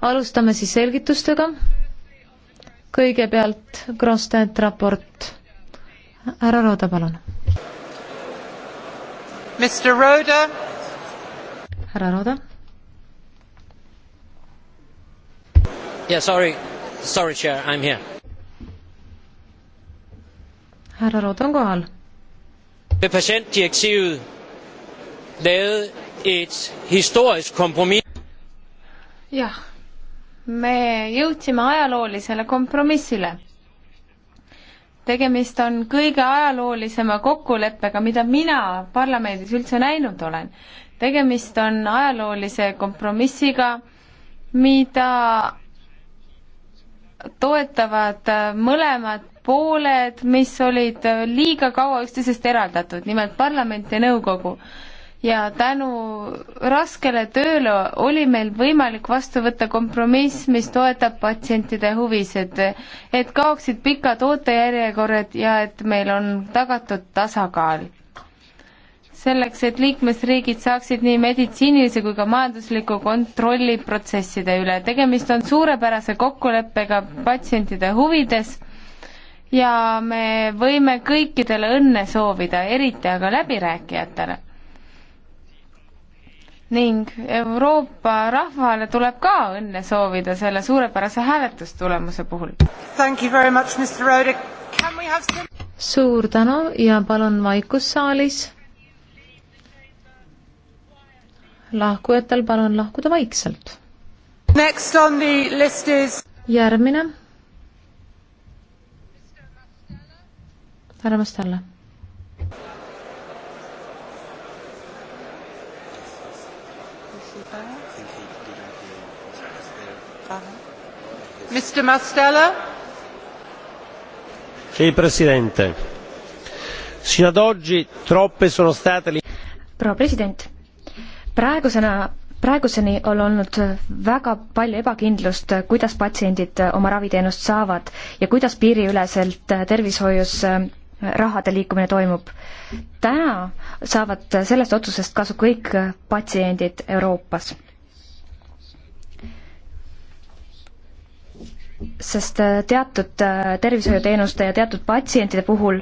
alustame siis selgitustega. kõigepealt Grosstedt raport. härra Rooda, palun. härra Rooda. Yeah, sorry, sorry, chair, I am here. härra Rooda on kohal. ved patientdirektivet lavede et historisk kompromiss. jah, me jõudsime ajaloolisele kompromissile. tegemist on kõige ajaloolisema kokkuleppega, mida mina parlamendis üldse näinud olen. tegemist on ajaloolise kompromissiga, mida toetavad mõlemad pooled, mis olid liiga kaua üksteisest eraldatud, nimelt parlament ja nõukogu ja tänu raskele tööle oli meil võimalik vastu võtta kompromiss, mis toetab patsientide huvisid, et kaoksid pikad ootejärjekorrad ja et meil on tagatud tasakaal. selleks, et liikmesriigid saaksid nii meditsiinilise kui ka majandusliku kontrolli protsesside üle. tegemist on suurepärase kokkuleppega patsientide huvides ja me võime kõikidele õnne soovida, eriti aga läbirääkijatele ning Euroopa rahvale tuleb ka õnne soovida selle suurepärase hääletustulemuse puhul. Some... suur tänu ja palun vaikust saalis. lahkujatel palun lahkuda vaikselt. Is... järgmine. härra Mastalla signor presidente sino ad oggi troppe sono state le. proua president praegusena praeguseni on olnud väga palju ebakindlust kuidas patsiendid oma raviteenust saavad ja kuidas piiriüleselt tervishoius äh, rahade liikumine toimub. täna saavad sellest otsusest kasu kõik patsiendid Euroopas sest äh, teatud äh, tervishoiuteenuste ja teatud patsientide puhul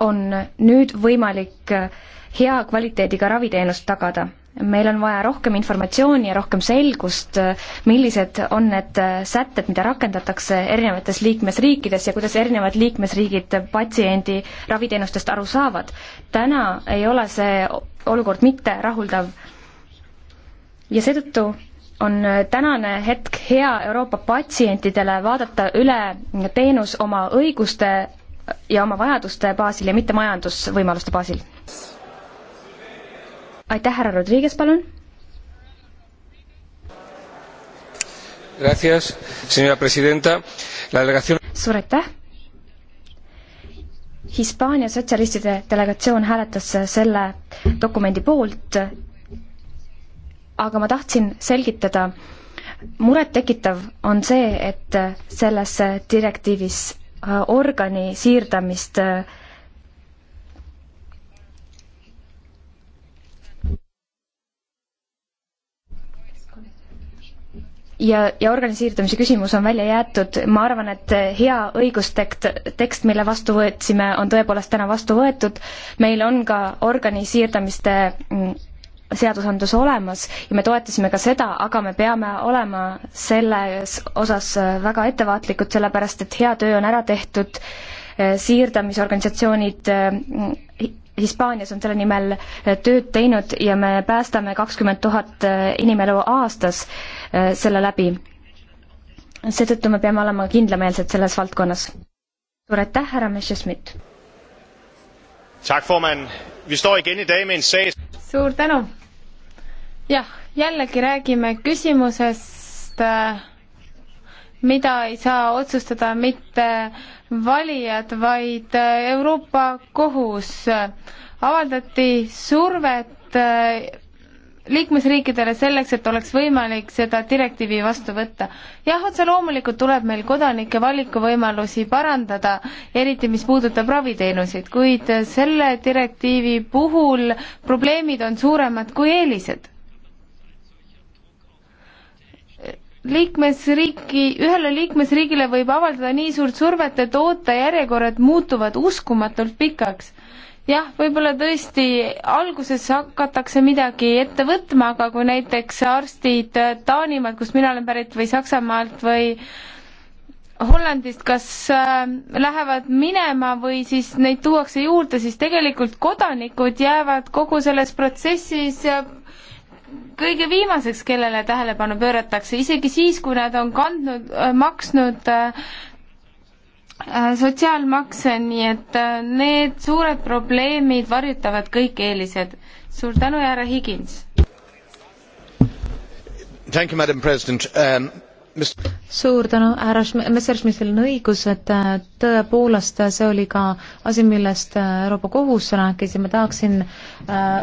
on nüüd võimalik äh, hea kvaliteediga raviteenust tagada. meil on vaja rohkem informatsiooni ja rohkem selgust, millised on need sätted, mida rakendatakse erinevates liikmesriikides ja kuidas erinevad liikmesriigid patsiendi raviteenustest aru saavad. täna ei ole see olukord mitte rahuldav ja seetõttu on äh, tänane hetk hea Euroopa patsientidele vaadata üle teenus oma õiguste ja oma vajaduste baasil ja mitte majandusvõimaluste baasil. aitäh, härra Rodriguez, palun. suur aitäh. Hispaania sotsialistide delegatsioon hääletas selle dokumendi poolt aga ma tahtsin selgitada, murettekitav on see, et selles direktiivis äh, organi siirdamist äh, ja, ja organi siirdumise küsimus on välja jäetud, ma arvan, et hea õigustekst, tekst, mille vastu võtsime, on tõepoolest täna vastu võetud, meil on ka organi siirdamiste mm, seadusandlus olemas ja me toetasime ka seda, aga me peame olema selles osas äh, väga ettevaatlikud, sellepärast et hea töö on ära tehtud, äh, siirdamisorganisatsioonid äh, Hispaanias on selle nimel tööd teinud ja me päästame kakskümmend tuhat inimelu aastas selle läbi. seetõttu me peame olema kindlameelsed selles valdkonnas. suur aitäh, härra Messerschmidt! suur tänu! jah, jällegi räägime küsimusest, äh, mida ei saa otsustada mitte valijad, vaid äh, Euroopa Kohus avaldati survet äh, liikmesriikidele selleks, et oleks võimalik seda direktiivi vastu võtta. jah, otse loomulikult tuleb meil kodanike valikuvõimalusi parandada, eriti mis puudutab raviteenuseid, kuid selle direktiivi puhul probleemid on suuremad kui eelised. liikmesriiki, ühele liikmesriigile võib avaldada nii suurt survet, et ootejärjekorrad muutuvad uskumatult pikaks jah, võib-olla tõesti alguses hakatakse midagi ette võtma, aga kui näiteks arstid Taanimaalt, kust mina olen pärit, või Saksamaalt või Hollandist kas äh, lähevad minema või siis neid tuuakse juurde, siis tegelikult kodanikud jäävad kogu selles protsessis äh, kõige viimaseks, kellele tähelepanu pööratakse, isegi siis, kui nad on kandnud, äh, maksnud Äh, sotsiaalmakse, nii et äh, need suured probleemid varjutavad kõik eelised. suur tänu, härra Higins! Um, suur tänu, härra äh, Messerschmittil on õigus, et tõepoolest see oli ka asi, millest Euroopa Kohus rääkis ja ma tahaksin äh,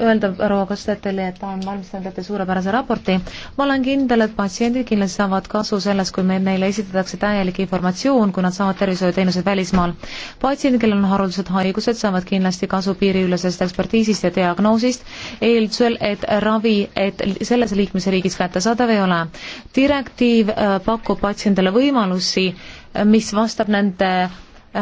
öelda proua Kostetele, et ta on valmistanud ette suurepärase raporti. ma olen kindel, et patsiendid kindlasti saavad kasu sellest, kui meil neile esitatakse täielik informatsioon, kui nad saavad tervishoiuteenuseid välismaal. patsiendid, kellel on haruldased haigused, saavad kindlasti kasu piiriülesest ekspertiisist ja diagnoosist, eeldusel, et ravi, et selles liikmesriigis kättesaadav ei ole. direktiiv äh, pakub patsiendile võimalusi äh, mis vastab nende Äh,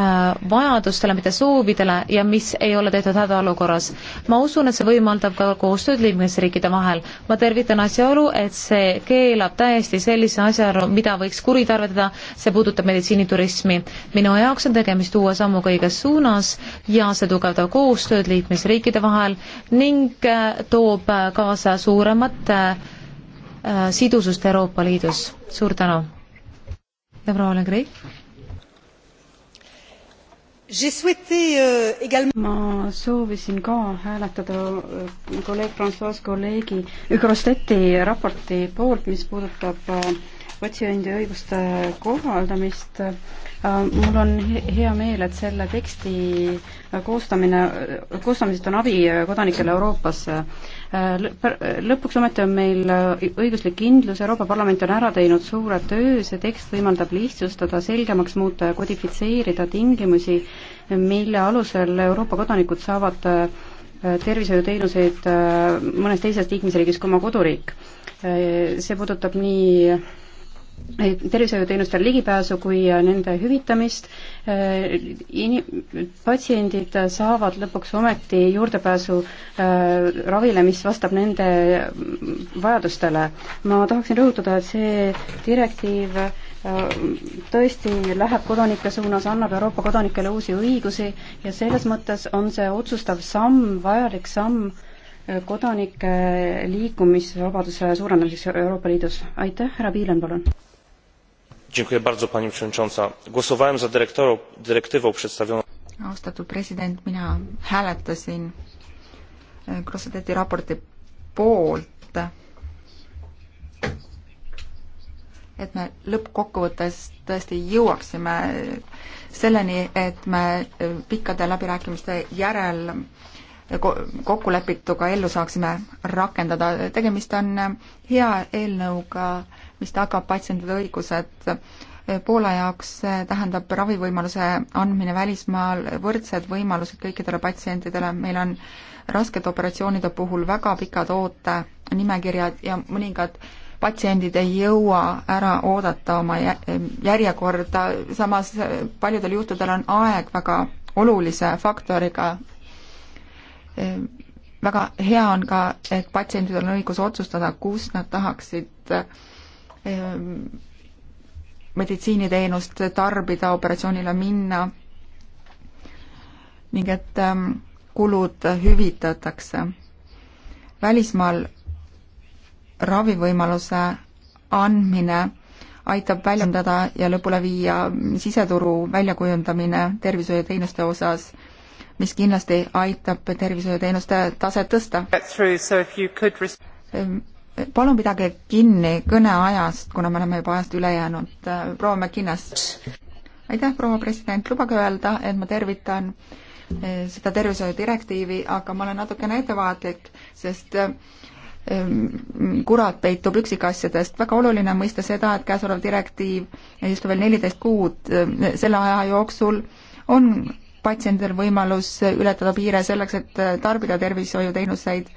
vajadustele, mitte soovidele ja mis ei ole tehtud hädaolukorras. ma usun, et see võimaldab ka koostööd liikmesriikide vahel. ma tervitan asjaolu, et see keelab täiesti sellise asja, mida võiks kuritarvitada, see puudutab meditsiiniturismi. minu jaoks on tegemist uue sammuga õiges suunas ja see tugevdab koostööd liikmesriikide vahel ning äh, toob kaasa suuremat äh, äh, sidusust Euroopa Liidus. suur tänu! ja proua Le Grip? Euh, ma soovisin ka hääletada äh, kolleeg Francois kolleegi Grosteti raporti poolt, mis puudutab äh, patsiendi õiguste kohaldamist. Äh, mul on hea meel, et selle teksti äh, koostamine, äh, koostamisest on abi kodanikele Euroopas. Lõpuks ometi on meil õiguslik kindlus, Euroopa Parlament on ära teinud suure töö, see tekst võimaldab lihtsustada, selgemaks muuta ja kodifitseerida tingimusi, mille alusel Euroopa kodanikud saavad tervishoiuteenuseid mõnes teises liikmesriigis kui oma koduriik. see puudutab nii Eh, tervishoiuteenustele ligipääsu kui eh, nende hüvitamist. Eh, patsiendid saavad lõpuks ometi juurdepääsu ravile, mis vastab nende vajadustele. ma tahaksin rõhutada, et see direktiiv tõesti läheb kodanike suunas, annab Euroopa kodanikele uusi õigusi ja selles mõttes on see otsustav samm, vajalik samm kodanike liikumisvabaduse suurendamiseks Euroopa Liidus. aitäh, härra Piilen, palun! pani przewodnicząca! głosowałem za dyrektywą przedstawioną. austatud president mina hääletasin eh, grossetti raporti poolt et me lõppkokkuvõttes tõesti jõuaksime selleni et me eh, pikkade läbirääkimiste järel eh, kokkulepituga ellu saaksime rakendada. tegemist on hea eelnõuga mis tagab patsientide õigused. Poola jaoks tähendab ravivõimaluse andmine välismaal võrdsed võimalused kõikidele patsientidele, meil on raskete operatsioonide puhul väga pikad ootenimekirjad ja mõningad patsiendid ei jõua ära oodata oma järjekorda, samas paljudel juhtudel on aeg väga olulise faktoriga. väga hea on ka, et patsientidel on õigus otsustada, kus nad tahaksid Ehm, meditsiiniteenust tarbida, operatsioonile minna ning et ehm, kulud hüvitatakse. välismaal ravivõimaluse andmine aitab väljendada ja lõpule viia siseturu väljakujundamine tervishoiuteenuste osas, mis kindlasti aitab tervishoiuteenuste taset tõsta palun pidage kinni kõneajast, kuna me oleme juba ajast üle jäänud. Äh, proua Mäkinas. aitäh, proua president, lubage öelda, et ma tervitan äh, seda tervishoiudirektiivi, aga ma olen natukene ettevaatlik, sest äh, mm, kurat peitub üksikasjadest, väga oluline on mõista seda, et käesolev direktiiv, just veel neliteist kuud, selle aja jooksul on patsiendil võimalus ületada piire selleks, et tarbida tervishoiuteenuseid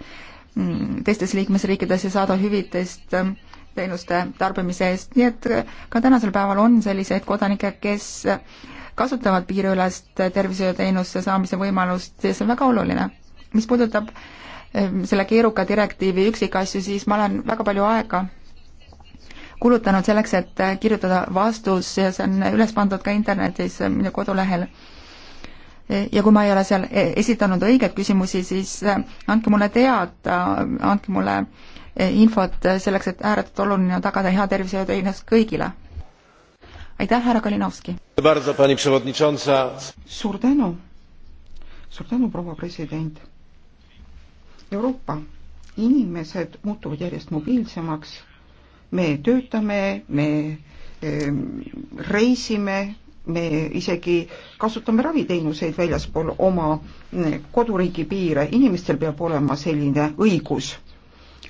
Mm, teistes liikmesriikides ja saada hüvitist ähm, teenuste tarbimise eest, nii et äh, ka tänasel päeval on selliseid kodanikke, kes äh, kasutavad piiriülest äh, tervishoiuteenuste saamise võimalust ja see on väga oluline. mis puudutab ähm, selle keeruka direktiivi üksikasju, siis ma olen väga palju aega kulutanud selleks, et kirjutada vastus ja see on üles pandud ka internetis minu kodulehel ja kui ma ei ole seal e-, esitanud õigeid küsimusi, siis äh, andke mulle teada, andke mulle äh, infot äh, selleks, et ääretult oluline on tagada hea tervishoiuteenus kõigile. aitäh, härra Kalinovski! suur tänu! suur tänu, proua president! Euroopa inimesed muutuvad järjest mobiilsemaks, me töötame, me ehm, reisime, me isegi kasutame raviteenuseid väljaspool oma mm, koduriigi piire, inimestel peab olema selline õigus.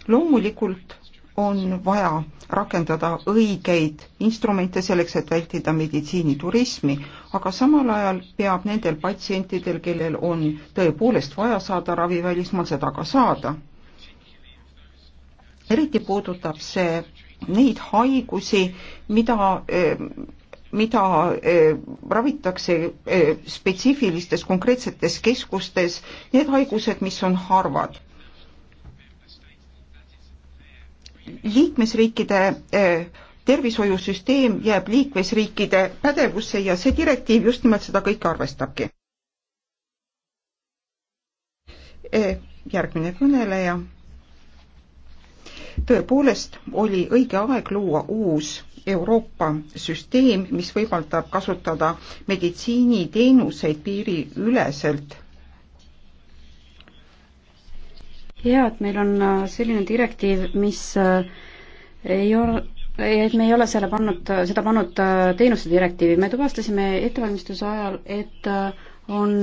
loomulikult on vaja rakendada õigeid instrumente selleks, et vältida meditsiiniturismi, aga samal ajal peab nendel patsientidel, kellel on tõepoolest vaja saada ravi välismaal, seda ka saada. eriti puudutab see neid haigusi, mida eh, mida eh, ravitakse eh, spetsiifilistes konkreetsetes keskustes, need haigused, mis on harvad. liikmesriikide eh, tervishoiusüsteem jääb liikmesriikide pädevusse ja see direktiiv just nimelt seda kõike arvestabki. järgmine kõneleja tõepoolest oli õige aeg luua uus Euroopa süsteem, mis võimaldab kasutada meditsiiniteenuseid piiriüleselt. hea, et meil on äh, selline direktiiv, mis äh, ei ole et me ei ole selle pannud, seda pannud äh, teenuste direktiivi, me tuvastasime ettevalmistuse ajal, et on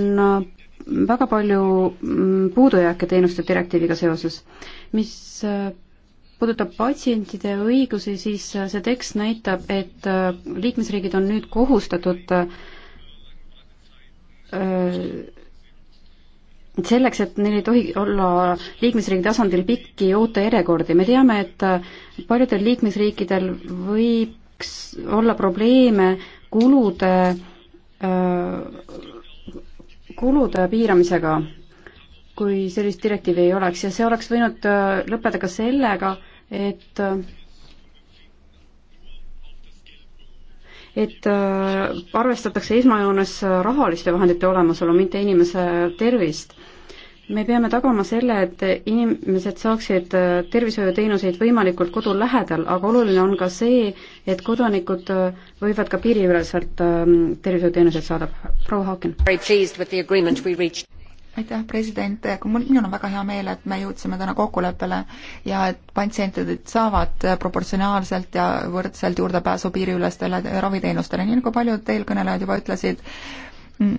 väga palju mm, puudujääke teenuste direktiiviga seoses, mis puudutab patsientide õigusi, siis äh, see tekst näitab, et äh, liikmesriigid on nüüd kohustatud äh, selleks, et neil ei tohi olla liikmesriigi tasandil pikki ootejärjekordi, me teame, et paljudel liikmesriikidel võiks olla probleeme kulude, kulude piiramisega kui sellist direktiivi ei oleks ja see oleks võinud äh, lõppeda ka sellega, et et äh, arvestatakse esmajoones rahaliste vahendite olemasolu, mitte inimese tervist. me peame tagama selle, et inimesed saaksid äh, tervishoiuteenuseid võimalikult kodu lähedal, aga oluline on ka see, et kodanikud võivad ka piiriüleselt ähm, tervishoiuteenuseid saada. proua Haaken aitäh, president, mul, minul on väga hea meel, et me jõudsime täna kokkuleppele ja et patsientid saavad proportsionaalselt ja võrdselt juurdepääsu piiriülestele raviteenustele, nii nagu paljud eelkõnelejad juba ütlesid. Mm,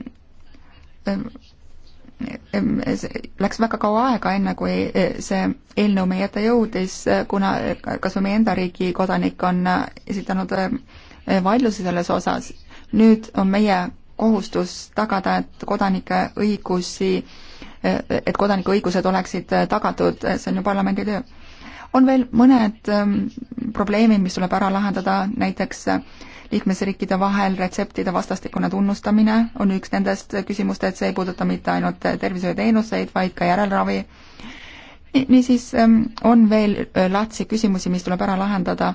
läks väga kaua aega, enne kui see eelnõu meie ette jõudis, kuna kas või meie enda riigi kodanik on esitanud vaidlusi selles osas, nüüd on meie kohustus tagada, et kodanike õigusi, et kodanike õigused oleksid tagatud, see on ju parlamendi töö. on veel mõned ähm, probleemid, mis tuleb ära lahendada, näiteks liikmesriikide vahel retseptide vastastikune tunnustamine on üks nendest küsimustest, see ei puuduta mitte ainult tervishoiuteenuseid, vaid ka järelravi. niisiis ähm, on veel äh, lahtisi küsimusi, mis tuleb ära lahendada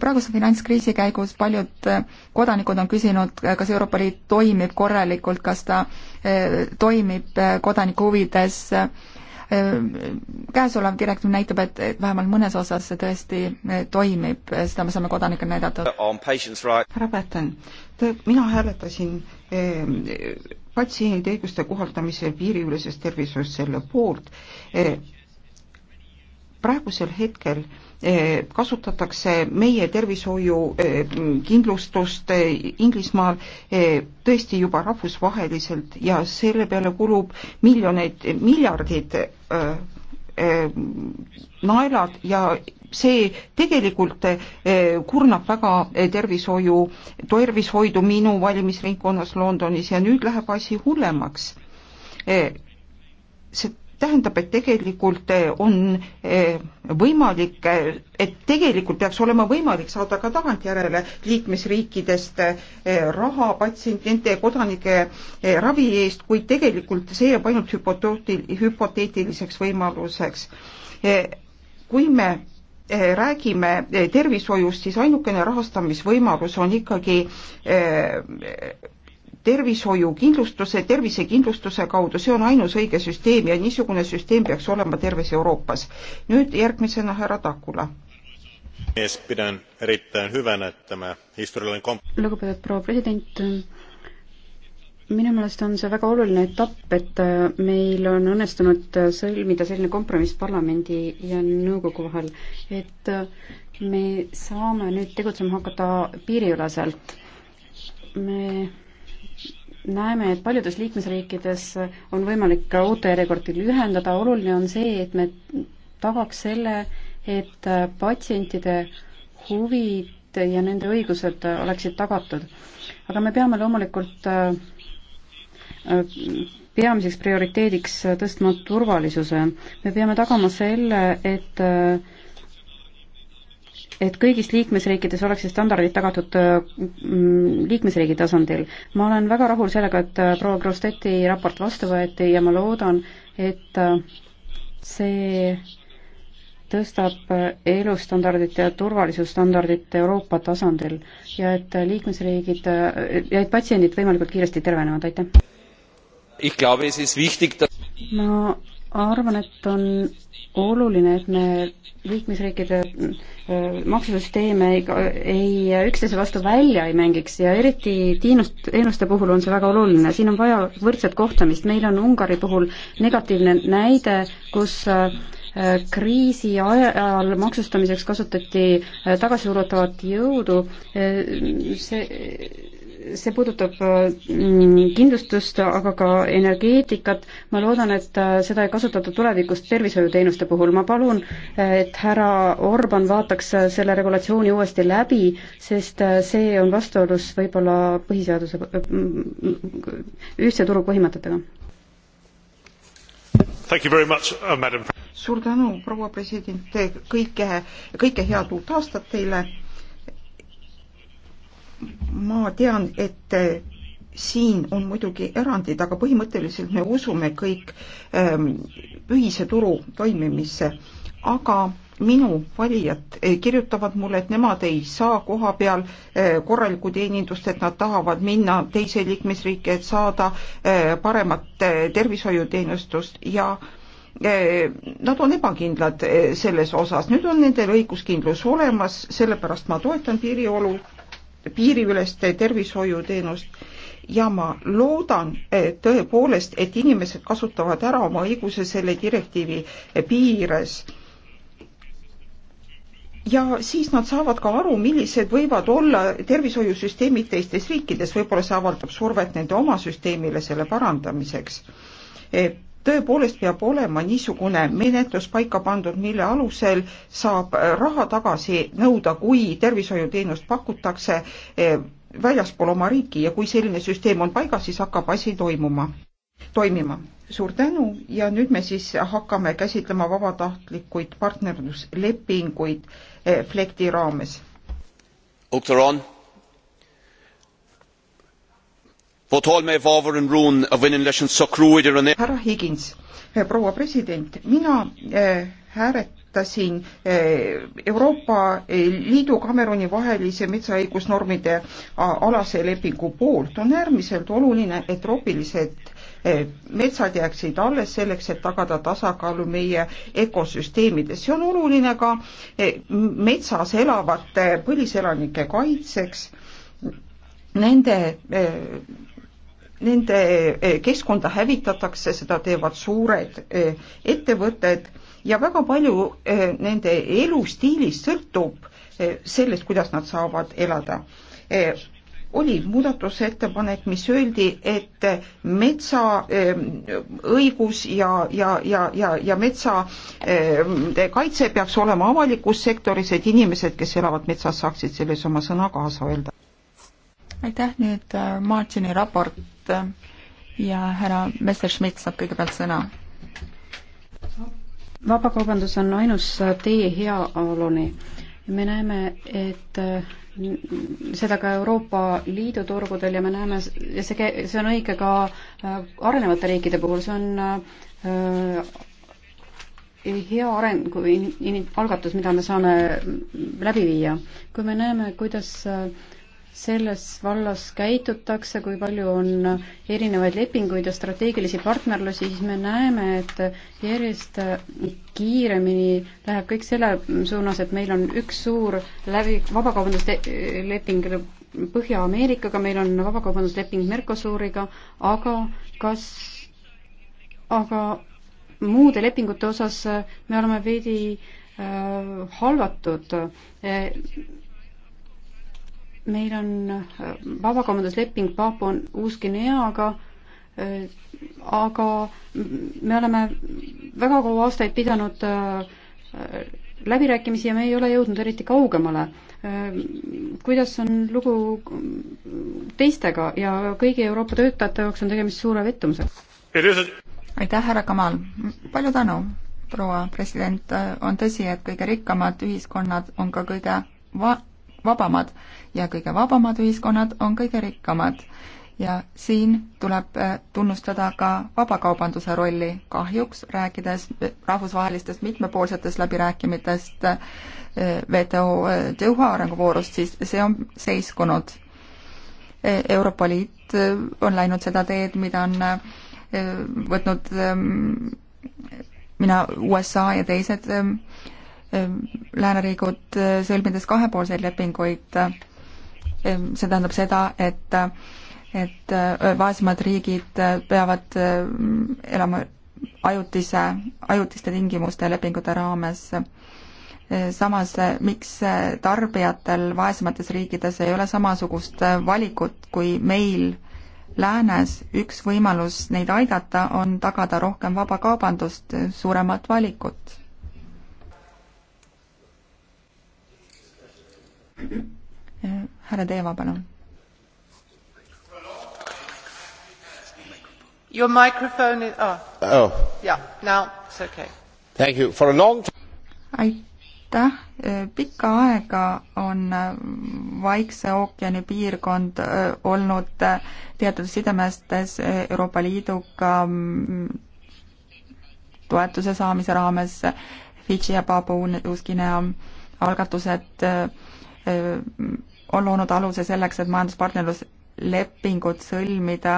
praeguse finantskriisi käigus paljud eh, kodanikud on küsinud, eh, kas Euroopa Liit toimib korralikult, kas ta eh, toimib kodaniku huvides. käesolev direktiiv näitab, et, et vähemalt mõnes osas see tõesti toimib, seda me saame kodanikele näidata. härra Päten, mina hääletasin patsiendi õiguste kohaldamise piiriüleses tervishoius selle poolt. praegusel hetkel äh, Eh, kasutatakse meie tervishoiukindlustust eh, eh, Inglismaal tõesti juba rahvusvaheliselt ja selle peale kulub miljoneid, miljardid naelad ja see tegelikult kurnab väga tervishoiu, tervishoidu minu valimisringkonnas Londonis ja nüüd läheb asi hullemaks. see tähendab, et tegelikult eh, on eh, võimalik, eh, et tegelikult peaks olema võimalik saada ka tagantjärele liikmesriikidest raha patsientide ja kodanike ravi eest, kuid tegelikult see jääb ainult hüpoteetiliseks võimaluseks. kui me räägime tervishoiust, siis ainukene rahastamisvõimalus on ikkagi tervishoiukindlustuse, tervisekindlustuse kaudu, see on ainus õige süsteem ja niisugune süsteem peaks olema terves Euroopas. nüüd järgmisena härra Takula. pidän erittäin hyvänä, et tämä historiallinen kom-. lugupeetud proua president, minu meelest on see väga oluline etapp, et meil on õnnestunud sõlmida selline kompromiss parlamendi ja nõukogu vahel, et me saame nüüd tegutsema hakata piiriüleselt. me näeme, et paljudes liikmesriikides on võimalik ka ootejärjekordi lühendada, oluline on see, et me tagaks selle, et patsientide huvid ja nende õigused oleksid tagatud. aga me peame loomulikult äh, peamiseks prioriteediks tõstma turvalisuse. me peame tagama selle, et äh, et kõigis liikmesriikides oleks see standardid tagatud äh, mm, liikmesriigi tasandil. ma olen väga rahul sellega, et äh, proua Grosteti raport vastu võeti ja ma loodan, et äh, see tõstab elustandardit ja turvalisusstandardit Euroopa tasandil ja et liikmesriigid ja et patsiendid võimalikult kiiresti tervenevad, aitäh! ma arvan, et on oluline, et me liikmesriikide äh, maksusüsteeme ei, ei üksteise vastu välja ei mängiks ja eriti tiinust, teenuste puhul on see väga oluline, siin on vaja võrdset kohtlemist, meil on Ungari puhul negatiivne näide, kus äh, kriisi ajal maksustamiseks kasutati äh, tagasiulatuvat jõudu, see see puudutab mm, kindlustust, aga ka energeetikat. ma loodan, et äh, seda ei kasutata tulevikus tervishoiuteenuste puhul. ma palun, äh, et härra Orban vaataks äh, selle regulatsiooni uuesti läbi, sest see on vastuolus võib-olla põhiseaduse, ühtse turu põhimõtetega. Uh, suur tänu, proua president, kõike, kõike head uut aastat teile ma tean, et äh, siin on muidugi erandid, aga põhimõtteliselt me usume kõik ähm, ühise turu toimimisse, aga minu valijad äh, kirjutavad mulle, et nemad ei saa koha peal äh, korralikku teenindust, et nad tahavad minna teise liikmesriiki, et saada paremat tervishoiuteenustust ja Nad on ebakindlad selles osas, nüüd on nendel õiguskindlus olemas, sellepärast ma toetan piiriolu piiriülest tervishoiuteenust ja ma loodan tõepoolest, et inimesed kasutavad ära oma õiguse selle direktiivi piires. ja siis nad saavad ka aru, millised võivad olla tervishoiusüsteemid teistes riikides, võib-olla see avaldab survet nende oma süsteemile selle parandamiseks tõepoolest peab olema niisugune menetlus paika pandud, mille alusel saab äh, raha tagasi nõuda, kui tervishoiuteenust pakutakse äh, väljaspool oma riiki ja kui selline süsteem on paigas, siis hakkab asi toimuma, toimima. suur tänu ja nüüd me siis hakkame käsitlema vabatahtlikuid partnerluslepinguid äh, Flekti raames. Uktor on härra Higins, eh, proua president, mina eh, hääletasin eh, Euroopa Liidu Kameruni vahelise metsaõigusnormide alase lepingu poolt. on äärmiselt oluline, et troopilised metsad jääksid alles selleks, et tagada tasakaalu meie ökosüsteemides. see on oluline ka metsas elavate põliselanike kaitseks, nende nende eh, keskkonda hävitatakse, seda teevad suured eh, ettevõtted ja väga palju eh, nende elustiilist sõltub sellest, kuidas nad saavad elada. oli muudatusettepanek, mis öeldi, et metsa õigus ja, ja, ja, ja, ja metsa kaitse peaks olema avalikus sektoris, et inimesed, kes elavad metsas, saaksid selles oma sõna kaasa öelda. aitäh, nüüd Martini raport eest ja härra Messerschmidt saab kõigepealt sõna. vabakaubandus on ainus tee heaoluni. me näeme, et seda ka Euroopa Liidu turgudel ja me näeme, ja see, see on õige ka äh, arenevate riikide puhul, see on äh, hea arengu algatus, mida me saame läbi viia. kui me näeme, kuidas äh, selles vallas käitutakse, kui palju on erinevaid lepinguid ja strateegilisi partnerlusi, siis me näeme, et järjest kiiremini läheb kõik selle suunas, et meil on üks suur läbi, vabakaubandusleping Põhja-Ameerikaga, meil on vabakaubandusleping Mercosuriga, aga kas, aga muude lepingute osas me oleme veidi äh, halvatud äh, meil on äh, vabakaubandusleping Paapua Uus-Guineaga, äh, aga me oleme väga kaua aastaid pidanud äh, läbirääkimisi ja me ei ole jõudnud eriti kaugemale. Kuidas on lugu teistega ja kõigi Euroopa töötajate jaoks on tegemist suure pettumusega? aitäh, härra Kamal, palju tänu, proua president, on tõsi, et kõige rikkamad ühiskonnad on ka kõige va-, vabamad ja kõige vabamad ühiskonnad on kõige rikkamad. ja siin tuleb äh, tunnustada ka vabakaubanduse rolli. kahjuks, rääkides rahvusvahelistest mitmepoolsetest läbirääkimistest äh, WTO äh, Doha arenguvoorust, siis see on seiskunud. Euroopa Liit on läinud seda teed, mida on võtnud ähm, mina, USA ja teised ähm, lääneriigud, sõlmides kahepoolseid lepinguid Ehm, see tähendab seda, et, et vaesemad riigid peavad elama ajutise, ajutiste tingimuste lepingute raames. Ehm, samas, miks tarbijatel vaesemates riikides ei ole samasugust valikut kui meil läänes, üks võimalus neid aidata on tagada rohkem vabakaubandust, suuremat valikut härra Teeva, palun. Your microphone is oh. oh. Yeah, now it's okay. Thank you. For a long time aitäh, e, pikka aega on e, Vaikse ookeani piirkond e, olnud teatud sidemestes Euroopa Liiduga mm, toetuse saamise raames Fidži ja Paabu Uus-Guinea algatused on loonud aluse selleks, et majanduspartnerluslepingut sõlmida,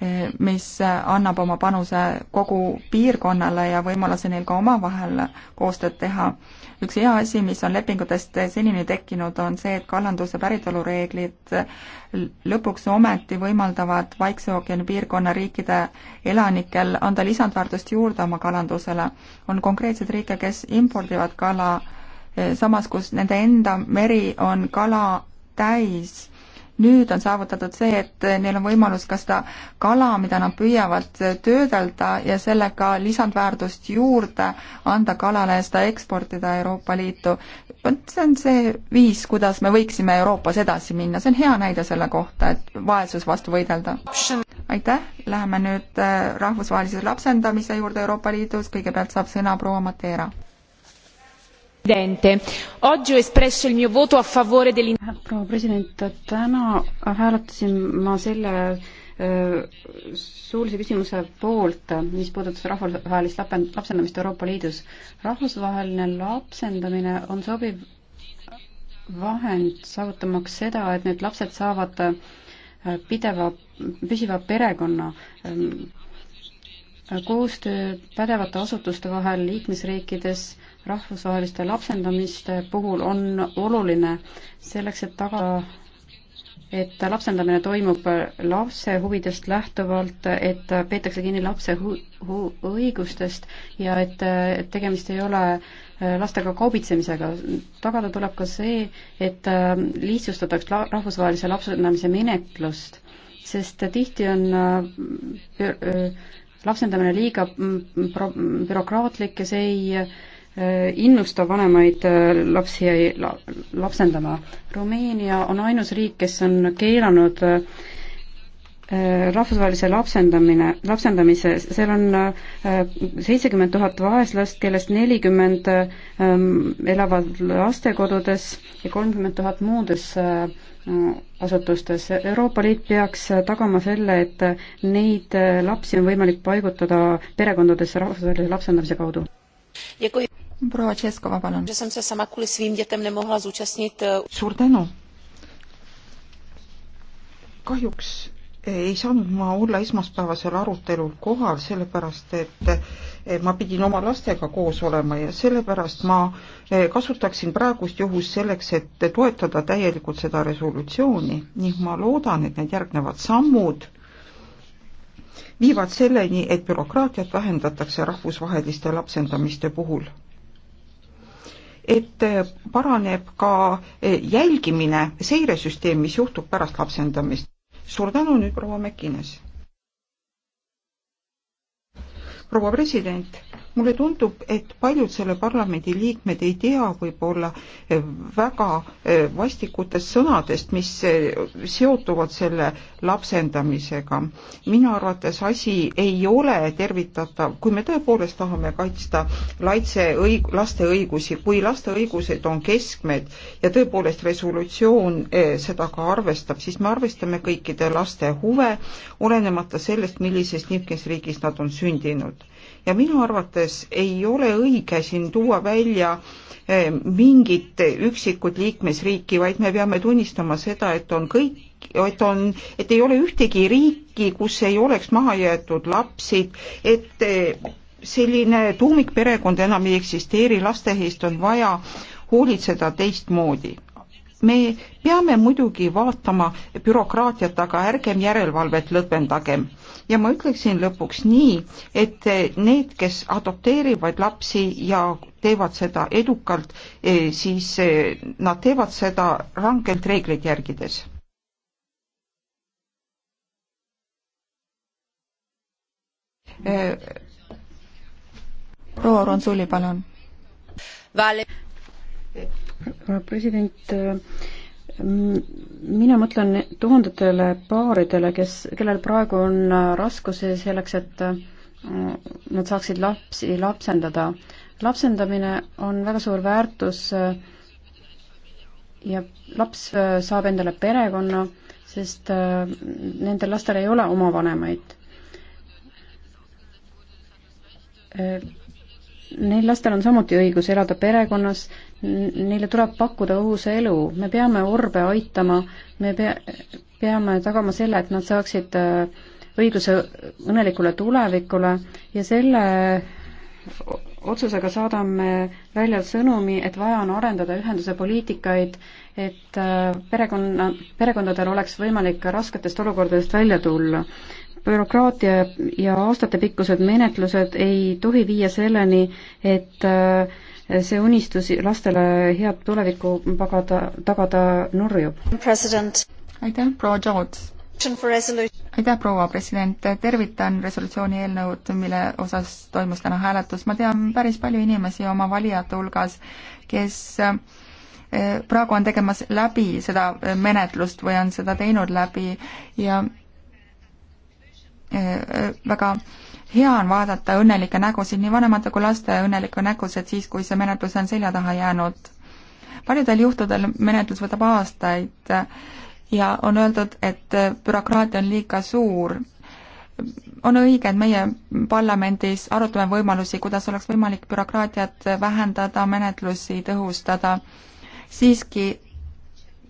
eh, mis annab oma panuse kogu piirkonnale ja võimaluse neil ka omavahel koostööd teha. üks hea asi, mis on lepingutest senini tekkinud, on see, et kallanduse päritolureeglid lõpuks ometi võimaldavad Vaikse ookeani piirkonna riikide elanikel anda lisandväärtust juurde oma kalandusele. on konkreetseid riike, kes impordivad kala samas kus nende enda meri on kala täis. nüüd on saavutatud see, et neil on võimalus ka seda kala, mida nad püüavad töödelda ja sellega lisandväärtust juurde anda kalale ja seda eksportida Euroopa Liitu. vot see on see viis, kuidas me võiksime Euroopas edasi minna, see on hea näide selle kohta, et vaesus vastu võidelda. aitäh, läheme nüüd äh, rahvusvahelise lapsendamise juurde Euroopa Liidus, kõigepealt saab sõna proua Mateera presidente oggi ho espresso il mio voto a favore dell'in- proua president, täna hääletasin ma selle äh, suulise küsimuse poolt, mis puudutas rahvusvahelist lapen-, lapsendamist Euroopa Liidus. rahvusvaheline lapsendamine on sobiv vahend saavutamaks seda, et need lapsed saavad äh, pideva, püsiva perekonna ähm, koostöö pädevate asutuste vahel liikmesriikides rahvusvaheliste lapsendamiste puhul on oluline selleks, et tagada et lapsendamine toimub lapse huvidest lähtuvalt, et peetakse kinni lapse hu-, hu-, õigustest ja et, et tegemist ei ole lastega kaubitsemisega. tagada tuleb ka see, et lihtsustataks la-, rahvusvahelise lapsendamise menetlust, sest tihti on äh, lapsendamine liiga mm, bürokraatlik ja see ei Äh, innusta vanemaid äh, lapsi lapsendama. Rumeenia on ainus riik, kes on keelanud äh, rahvusvahelise lapsendamine, lapsendamise, seal on seitsekümmend tuhat vaeslast, kellest nelikümmend ähm, elavad lastekodudes ja kolmkümmend tuhat muudes asutustes. Euroopa Liit peaks tagama selle, et neid lapsi on võimalik paigutada perekondadesse rahvusvahelise lapsendamise kaudu. ja kui proua Tšeskova, palun. suur tänu. kahjuks ei saanud ma olla esmaspäevasel arutelul kohal, sellepärast et eh, ma pidin oma lastega koos olema ja sellepärast ma eh, kasutaksin praegust juhust selleks, et toetada täielikult seda resolutsiooni ning ma loodan, et need järgnevad sammud viivad selleni, et bürokraatiat vähendatakse rahvusvaheliste lapsendamiste puhul et paraneb ka jälgimine, seiresüsteem, mis juhtub pärast lapsendamist. suur tänu nüüd proua Mäkkines. proua president, mulle tundub, et paljud selle parlamendi liikmed ei tea võib-olla eh, väga eh, vastikutest sõnadest, mis eh, seotuvad selle lapsendamisega. minu arvates asi ei ole tervitatav, kui me tõepoolest tahame kaitsta laitse õig-, laste õigusi, kui laste õigused on keskmed ja tõepoolest resolutsioon seda ka arvestab, siis me arvestame kõikide laste huve, olenemata sellest, millisest liikmesriigist nad on sündinud ja minu arvates ei ole õige siin tuua välja eh, mingit üksikut liikmesriiki, vaid me peame tunnistama seda, et on kõik, et on, et ei ole ühtegi riiki, kus ei oleks maha jäetud lapsi, et eh, selline tuumikperekond enam ei eksisteeri, laste eest on vaja hoolitseda teistmoodi me peame muidugi vaatama bürokraatiat, aga ärgem järelevalvet lõdvendagem. ja ma ütleksin lõpuks nii, et need, kes adopteerivad lapsi ja teevad seda edukalt, eh, siis eh, nad teevad seda rangelt reegleid järgides. Eh, proua Ronsulli, palun. Vale president, mina mõtlen tuhandetele paaridele, kes, kellel praegu on raskusi selleks, et äh, nad saaksid lapsi lapsendada. lapsendamine on väga suur väärtus äh, ja laps äh, saab endale perekonna, sest nendel lastel ei ole oma vanemaid Neil lastel on samuti õigus elada perekonnas, neile tuleb pakkuda uus elu, me peame orbe aitama, me pea, peame tagama selle, et nad saaksid äh, õiguse õnnelikule tulevikule ja selle otsusega saadame välja sõnumi, et vaja on arendada ühenduse poliitikaid, et äh, perekonna, perekondadel oleks võimalik rasketest olukordadest välja tulla bürokraatia ja aastatepikkused menetlused ei tohi viia selleni, et äh, see unistus lastele head tulevikku pagada, tagada nurjub. aitäh, proua Jones! aitäh, proua president, tervitan resolutsiooni eelnõud, mille osas toimus täna hääletus, ma tean päris palju inimesi oma valijate hulgas, kes äh, praegu on tegemas läbi seda menetlust või on seda teinud läbi ja väga hea on vaadata õnnelikke nägusid, nii vanemate kui laste õnnelikke nägusid siis, kui see menetlus on selja taha jäänud. paljudel juhtudel menetlus võtab aastaid ja on öeldud, et bürokraatia on liiga suur. on õige, et meie parlamendis arutame võimalusi, kuidas oleks võimalik bürokraatiat vähendada, menetlusi tõhustada. siiski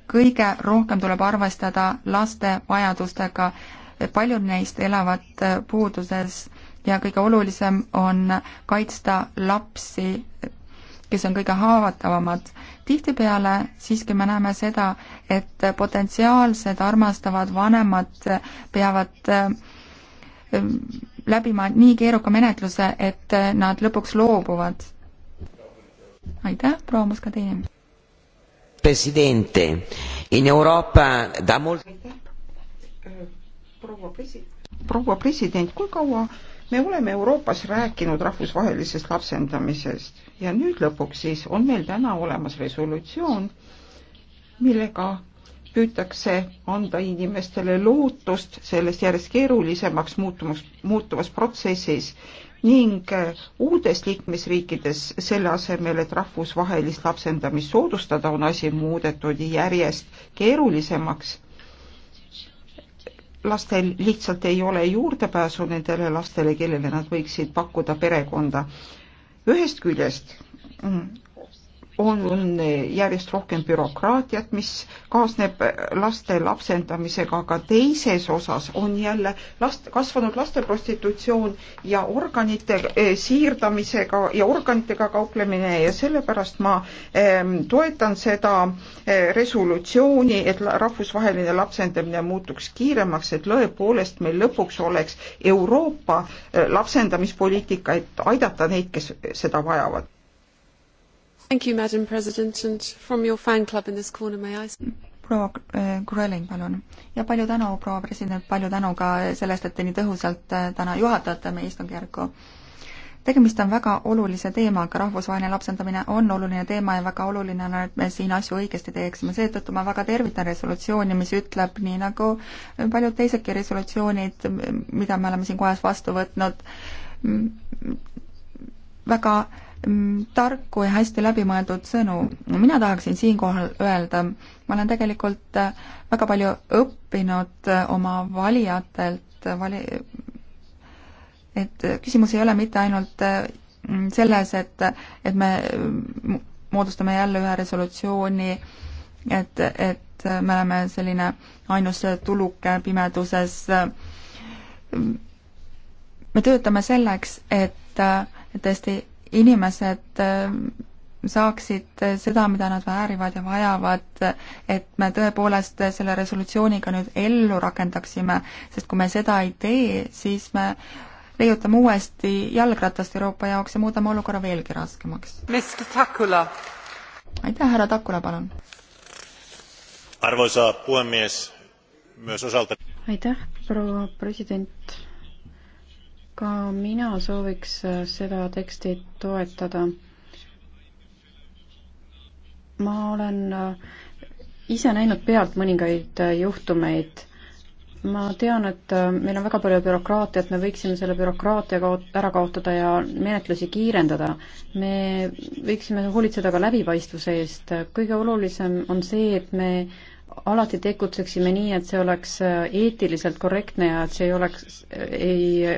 kõige rohkem tuleb arvestada laste vajadustega paljud neist elavad äh, puuduses ja kõige olulisem on kaitsta lapsi, kes on kõige haavatavamad. tihtipeale siiski me näeme seda, et potentsiaalsed armastavad vanemad peavad äh, läbima nii keeruka menetluse, et äh, nad lõpuks loobuvad. aitäh, proua Muskatiini! presidente in Euroopa da molti proua presi-, proua president, kui kaua me oleme Euroopas rääkinud rahvusvahelisest lapsendamisest ja nüüd lõpuks siis on meil täna olemas resolutsioon, millega püütakse anda inimestele lootust selles järjest keerulisemaks muutumas, muutuvas protsessis ning äh, uudes liikmesriikides selle asemel, et rahvusvahelist lapsendamist soodustada, on asi muudetud järjest keerulisemaks lastel lihtsalt ei ole juurdepääsu nendele lastele, kellele nad võiksid pakkuda perekonda. ühest küljest mm, on järjest rohkem bürokraatiat, mis kaasneb laste lapsendamisega, aga teises osas on jälle last, kasvanud laste prostitutsioon ja organite eh, siirdamisega ja organitega kauplemine ja sellepärast ma ehm, toetan seda eh, resolutsiooni, et rahvusvaheline lapsendamine muutuks kiiremaks, et tõepoolest meil lõpuks oleks Euroopa eh, lapsendamispoliitika, et aidata neid, kes seda vajavad Thank you, madam president and from your fan club in this corner may I proua Gröling, eh, palun. ja palju tänu, proua president, palju tänu ka sellest, et te nii tõhusalt eh, täna juhatate meie istungjärku. tegemist on väga olulise teemaga, rahvusvaheline lapsendamine on oluline teema ja väga oluline on, et me siin asju õigesti teeksime, seetõttu ma väga tervitan resolutsiooni, mis ütleb, nii nagu paljud teisedki resolutsioonid, mida me oleme siin kojas vastu võtnud, väga Mm, tarku ja hästi läbimõeldud sõnu. mina tahaksin siinkohal öelda, ma olen tegelikult äh, väga palju õppinud äh, oma valijatelt, äh, vali-, et küsimus ei ole mitte ainult selles, et, et me mm, moodustame jälle ühe resolutsiooni, et, et me oleme selline ainus tuluke pimeduses. Mm. me töötame selleks, et, et tõesti inimesed ähm, saaksid seda, mida nad väärivad ja vajavad, et me tõepoolest selle resolutsiooniga nüüd ellu rakendaksime, sest kui me seda ei tee, siis me leiutame uuesti jalgratast Euroopa jaoks ja muudame olukorra veelgi raskemaks. aitäh, härra Takula, palun! arvoisa puhemies, myös osalta aitäh, proua president ka mina sooviks äh, seda teksti toetada. ma olen äh, ise näinud pealt mõningaid äh, juhtumeid. ma tean, et meil on väga palju bürokraatiat, me võiksime selle bürokraatia kaot-, ära kaotada ja menetlusi kiirendada. me võiksime hoolitseda ka läbipaistvuse eest, kõige olulisem on see, et me alati tegutseksime nii, et see oleks eetiliselt korrektne ja et see ei oleks, ei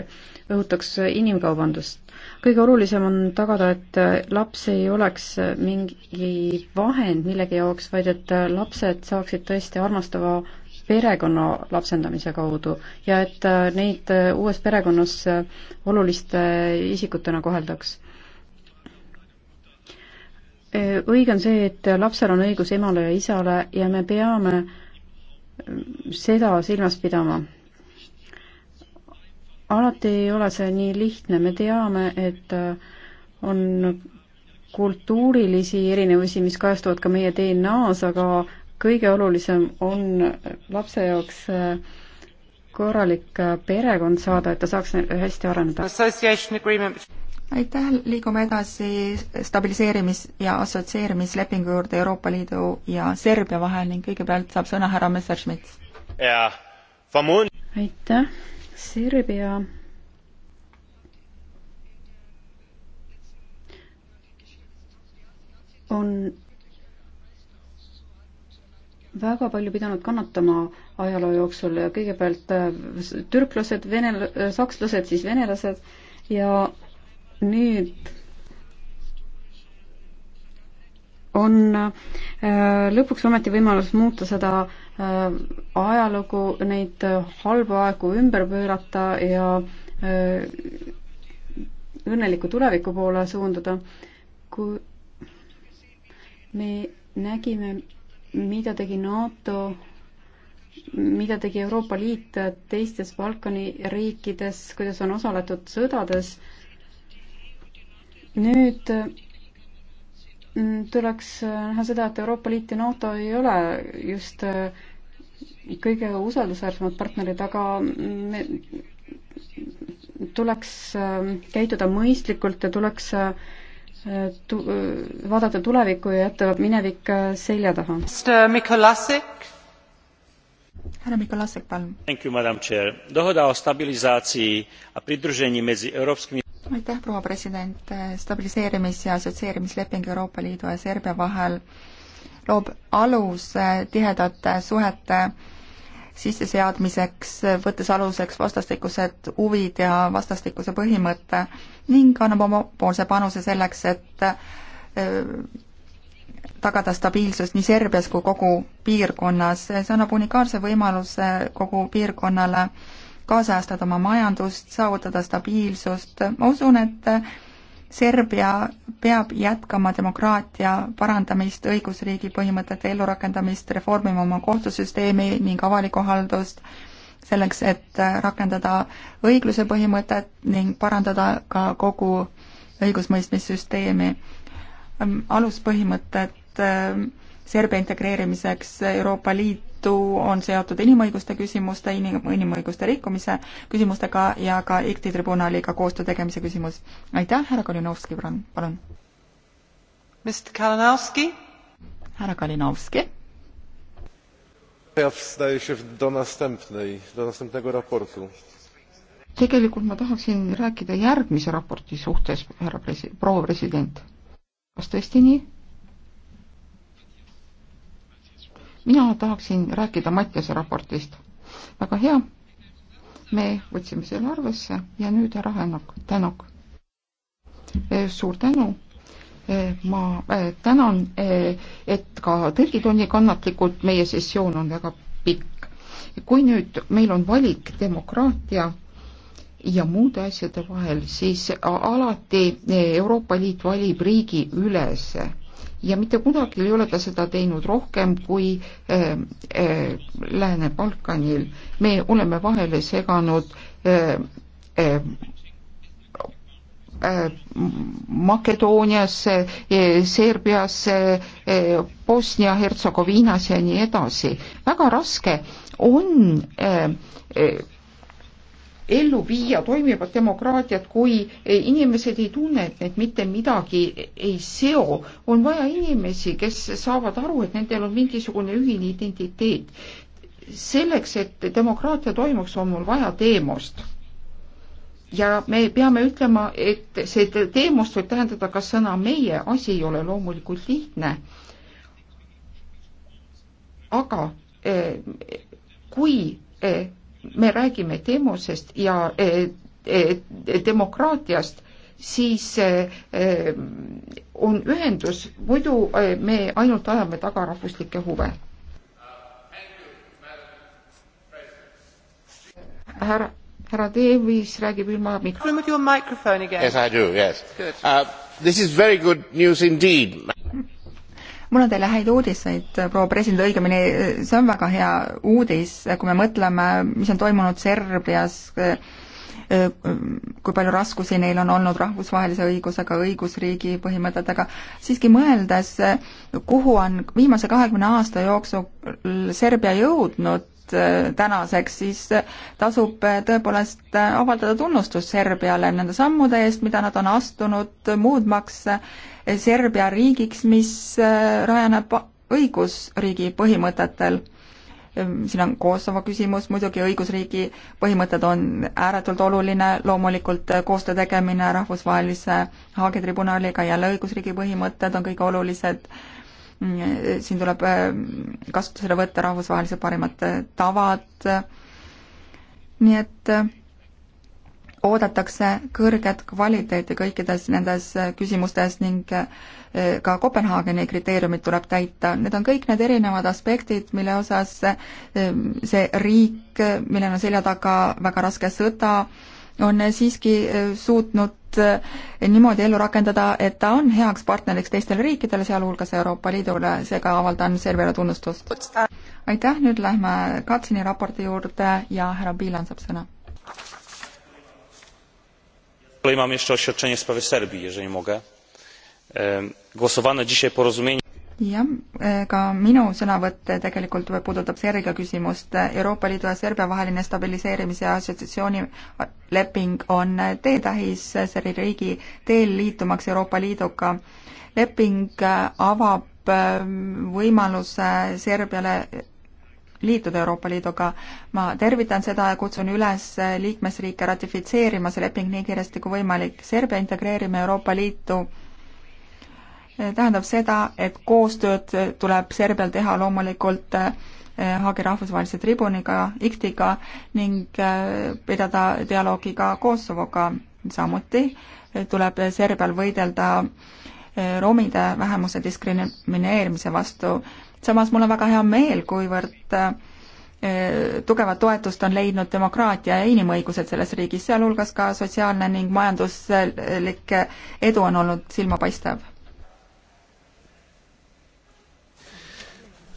õhutaks inimkaubandust. kõige olulisem on tagada, et laps ei oleks mingi vahend millegi jaoks, vaid et lapsed saaksid tõesti armastava perekonna lapsendamise kaudu ja et neid uues perekonnas oluliste isikutena koheldaks õige on see, et lapsel on õigus emale ja isale ja me peame seda silmas pidama alati ei ole see nii lihtne, me teame, et äh, on kultuurilisi erinevusi, mis kajastuvad ka meie DNA-s, aga kõige olulisem on lapse jaoks äh, korralik äh, perekond saada, et ta saaks hästi areneda. aitäh, liigume edasi stabiliseerimis- ja assotsieerimislepingu juurde Euroopa Liidu ja Serbia vahel ning kõigepealt saab sõna härra Messerschmidt. aitäh Serbia on väga palju pidanud kannatama ajaloo jooksul ja kõigepealt äh, türklased, venel-, äh, sakslased, siis venelased ja nüüd on äh, lõpuks ometi võimalus muuta seda äh, ajalugu, neid äh, halbu aegu ümber pöörata ja õnneliku tuleviku poole suunduda. kui me nägime, mida tegi NATO, mida tegi Euroopa Liit teistes Balkani riikides, kuidas on osaletud sõdades, nüüd Mm, tuleks äh, näha seda, et Euroopa Liit ja NATO ei ole just äh, kõige usaldusväärsemad partnerid, aga me tuleks äh, käituda mõistlikult ja tuleks tu-, vaadata tulevikku ja jätta minevik selja taha. härra Mikolasek, palun. Dohoda o stabilizácii a pridružení medzi európskymi aitäh, proua president, stabiliseerimis- ja assotsieerimisleping Euroopa Liidu ja Serbia vahel loob aluse tihedate suhete sisseseadmiseks, võttes aluseks vastastikused huvid ja vastastikuse põhimõte ning annab omapoolse panuse selleks, et äh, tagada stabiilsus nii Serbias kui kogu piirkonnas. see annab unikaalse võimaluse kogu piirkonnale äh, kaasajastada oma majandust, saavutada stabiilsust, ma usun, et Serbia peab jätkama demokraatia parandamist, õigusriigi põhimõtete ellurakendamist, reformima oma kohtusüsteemi ning avalikku haldust, selleks et rakendada õigluse põhimõtet ning parandada ka kogu õigusmõistmissüsteemi. aluspõhimõtted ehm, Serbia integreerimiseks Euroopa Liitu Liitu on seotud inimõiguste küsimuste, inimõiguste rikkumise küsimustega ja ka ICTI tribunaliga koostöö tegemise küsimus. aitäh, härra Kalinovski, palun. härra Kalinovski. tegelikult ma tahaksin rääkida järgmise raporti suhtes, härra presi-, proua president. kas tõesti nii? mina tahaksin rääkida Mattiase raportist. väga hea, me võtsime selle arvesse ja nüüd härra Hännak, tänak. E, suur tänu, e, ma e, tänan, et ka tõlgid on nii kannatlikud, meie sessioon on väga pikk. kui nüüd meil on valik demokraatia ja muude asjade vahel, siis alati Euroopa Liit valib riigi ülese ja mitte kunagi ei ole ta seda teinud rohkem kui äh, äh, Lääne-Balkanil. me oleme vahele seganud äh, äh, äh Makedooniasse, äh, Serbiasse, äh, Bosnia-Hertsegoviinas ja nii edasi. väga raske on ellu viia toimivat demokraatiat, kui inimesed ei tunne, et neid mitte midagi ei seo. on vaja inimesi, kes saavad aru, et nendel on mingisugune ühine identiteet. selleks, et demokraatia toimuks, on mul vaja teemust. ja me peame ütlema, et see teemust võib tähendada ka sõna meie, asi ei ole loomulikult lihtne. aga eh, kui eh, me räägime demosest ja eh, eh, demokraatiast, siis eh, on ühendus, muidu me ainult ajame taga rahvuslikke huve. härra, härra Davis räägib ilma mikrofoni. Yes, I do, yes. Uh, this is very good news indeed mul on teile häid uudiseid, proua president, õigemini see on väga hea uudis, kui me mõtleme, mis on toimunud Serbias, kui palju raskusi neil on olnud rahvusvahelise õigusega, õigusriigi põhimõtetega, siiski mõeldes, kuhu on viimase kahekümne aasta jooksul Serbia jõudnud, Äh, tänaseks, siis äh, tasub äh, tõepoolest avaldada tunnustust Serbiale nende sammude eest, mida nad on astunud, muutmaks Serbia riigiks, mis rajaneb õigusriigi põhimõtetel. siin on Kosovo küsimus, muidugi õigusriigi põhimõtted on ääretult oluline, loomulikult koostöö tegemine rahvusvahelise Haagi tribunaliga, jälle õigusriigi põhimõtted on kõige olulised Äh, siin tuleb äh, kasutusele võtta rahvusvahelised parimad äh, tavad, nii et oodatakse kõrget kvaliteeti kõikides nendes küsimustes ning ka Kopenhaageni kriteeriumid tuleb täita. Need on kõik need erinevad aspektid, mille osas see riik, millel on selja taga väga raske sõda, on siiski suutnud Eh, niimoodi ellu rakendada, et ta on heaks partneriks teistele riikidele, sealhulgas Euroopa Liidule, seega avaldan Serbiale tunnustust. aitäh, nüüd lähme Katsini raporti juurde ja härra Piilan saab sõna. mam jeszcze oświadczenie w sprawie Serbii, jeżeli mogę. Głosowane dzisiaj porozumienie jah, ka minu sõnavõtt tegelikult puudutab Serbia küsimust. Euroopa Liidu ja Serbia vaheline stabiliseerimise ja assotsiatsiooni leping on teetähis selle riigi teel liitumaks Euroopa Liiduga. leping avab ähm, võimaluse Serbiale liituda Euroopa Liiduga. ma tervitan seda ja kutsun üles liikmesriike ratifitseerima see leping nii kiiresti kui võimalik. Serbia integreerime Euroopa Liitu tähendab seda, et koostööd tuleb Serbial teha loomulikult äh, Haagi rahvusvahelise tribuniga, ICTiga ning äh, pidada dialoogi ka Kosovoga. samuti äh, tuleb Serbial võidelda romide vähemuse diskrimineerimise vastu. samas mul on väga hea meel, kuivõrd tugevat toetust on leidnud demokraatia ja inimõigused selles riigis, sealhulgas ka sotsiaalne ning majanduslik edu on olnud silmapaistev